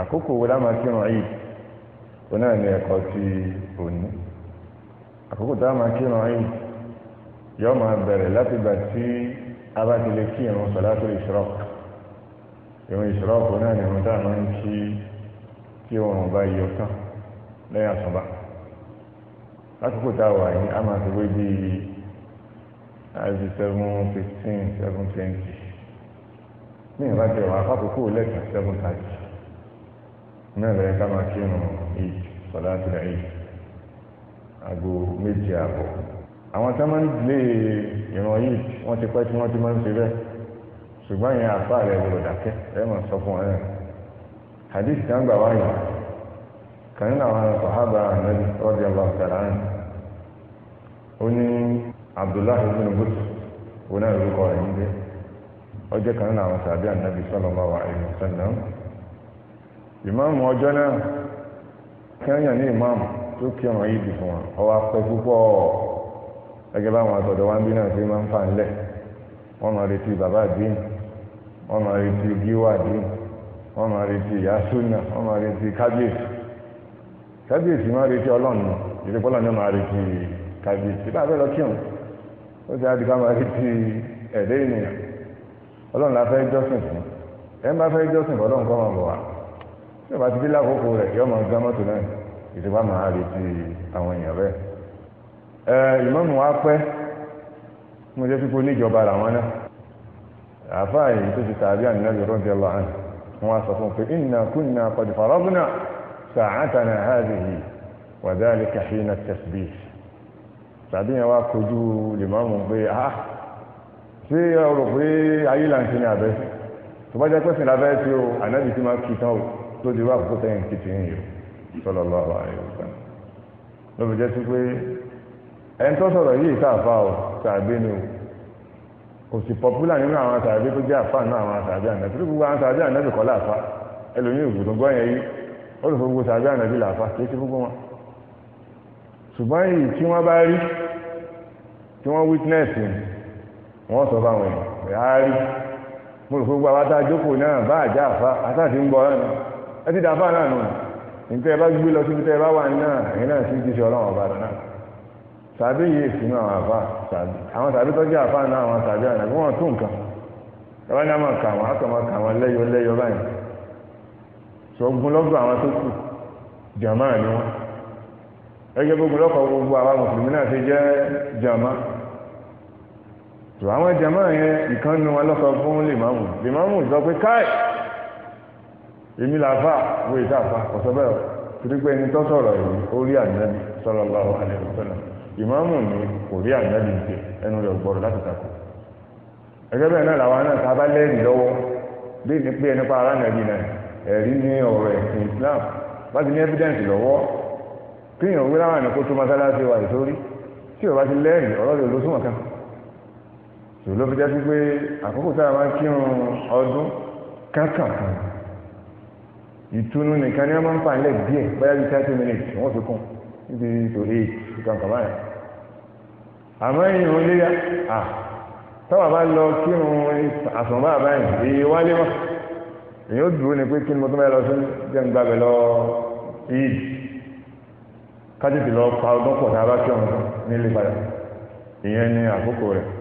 àkókò wo láwọn akírun yìí òun náà ní ẹ̀kọ́ ti òní àkókò táwọn máa kírun yìí yóò máa bẹ̀rẹ̀ láti gbà tí a bá ti lè kí irun sọ̀látò ìṣọ́rọ̀kù irun ìṣọ́rọ̀kù náà ní irun táwọn ń kí tí oòrùn bá yọ tán lẹ́yìn àsùnbà lákòókò tá a wà yìí a máa ti wé bí ibi seven fifteen seven twenty ní ìbájẹ́ wọn lẹ́sìn seven thirty. náà lọ́yẹ ká máa kírun eid sọ̀lá ti rẹ̀ eid aago méje àbọ̀ àwọn tá máa ń lé ìran wọ́n ti pẹ́ tí wọ́n ti máa ń ṣe bẹ́ẹ̀ ṣùgbọ́n yẹn àfa rẹ̀ ẹ máa sọ fún hadith kan gbà wáyé kan nínú àwọn sàhábà ànábì rọ́bì ọba ọ̀tàrà ń ó ní abdullahi náà lórúkọ rẹ̀ ìmáàmù ọjọ́ náà kẹ́yàn ní ìmáàmù tó kí ọ̀ràn yìí dì fún wa ọwọ́ apẹ́ púpọ̀ gẹ́gẹ́ báwọn àtọ̀dọ̀ wa ń bí náà ṣe máa ń fà ńlẹ̀ wọ́n máa retí bàbá àdín wọ́n máa retí gíwá àdín wọ́n máa retí ìyá súnà wọ́n máa retí kábíyèsí kábíyèsí máa retí ọlọ́run náà máa ti àdìgbà máa retí ẹ̀dẹ́ ènìyàn la fẹ́ jọ́sìn fún ẹ̀ ń bá fẹ́ jọ́sìn fún ọlọ́run kọ́ tí ọba ti dé lákòókò rẹ̀ yọ máa gbá mọ́tò náà ìṣèpá máa retí àwọn èèyàn bẹ́ẹ̀. ẹ ìmọ̀mù wa pẹ́ mo jẹ́ pípọ́ níjọba làwọn náà àáfàá èyí tó ti tàbí ànínábì rọ́ọ̀dì ọlọ́ àná wọn á sọ fún un pé inna kunna qad faragna sa'atana hadhihi wa dhalika hina at-tasbih tàbí yẹn wá kojú lèmọ́mù pé ah ṣé ọ̀rọ̀ pé ayé là ń ṣe ní abẹ́ tó bá jẹ́ pẹ́sìn lábẹ́ tí o ànábì ti máa kì tán o tó ti wá àkókò sẹ́yìn kí ti ń yọ sallallahu alaihi wasallam ló fi jẹ́ sí pé ẹni tó sọ̀rọ̀ yìí sàfà ọ̀ sàbí ni o kò sì pọ́púlà nínú àwọn sàbí tó jẹ́ àfà nínú àwọn sàbí àná torí gbogbo àwọn sàbí àná ti kọ́ láàfà ẹlòmíì ògùn gbọ́ yẹn yìí ó lè fọ gbogbo sàbí àná bí kì í ṣe gbogbo wọn ṣùgbọ́n èyí tí wọ́n bá rí tí wọ́n witness wọ́n sọ fáwọn èèyàn rẹ̀ á rí mo rò pé gbogbo àwọn adájókòó náà bá àjà àfa àtàtì ń gbọ́ náà ẹ dị dàfà náà nù Nke ẹ bá gbé lọ síbi tẹ ẹ bá wà náà náà sì ti ṣe ọlọ́run ọba náà sàbí yìí sínú àwọn àfà sàbí àwọn sàbí tọ́jú àfà náà àwọn sàbí àná kí wọ́n tún nǹkan ọrụ ní a máa kà wọ́n á kà máa kà báyìí àwọn tó gbogbo gbogbo mùsùlùmí náà ti jàmá tó àwọn jàmá yẹn ìkànnì wọn èmi làáfà wo ìta àfà ọ̀sọ́ bẹ́ẹ̀ torí pé ẹni tó sọ̀rọ̀ yìí ó ànábì sallallahu alaihi wasallam ìmáàmù mi kò rí ànábì ń tẹ ẹnu rẹ̀ gbọ́dọ̀ láti takò ẹgbẹ́ bẹ́ẹ̀ náà làwọn náà ta bá lẹ́rìí lọ́wọ́ bí ní pé ẹni pa ara nàbì náà ẹ̀rí ní ọ̀rọ̀ ẹ̀sìn Islam bá ti ní evidence lọ́wọ́ kíyàn wí láwọn ẹ̀nà kó tó mọ́sálásí wa ìsórí tí ò bá ti kan ṣòló fi jẹ́ sí pé àkókò tára máa kírun ọdún ìtùnú nìkan ni wọ́n máa ń fà nílẹ̀ díẹ̀ bóyá bíi thirty minutes wọ́n fi kún níbi tó eight nǹkan kàmá yẹn àmọ́ ìyẹn ò léyà à táwọn bá lọ kírun àsùnbà àbáyìn èyí wálé wọn èyí ó dúró ni pé kí ni mo tún bá lọ sí jẹ́ ń gbàgbé lọ eid kájìtì lọ pa ọdún pọ̀ tá a bá kírun nílé padà ìyẹn ni àkókò rẹ̀.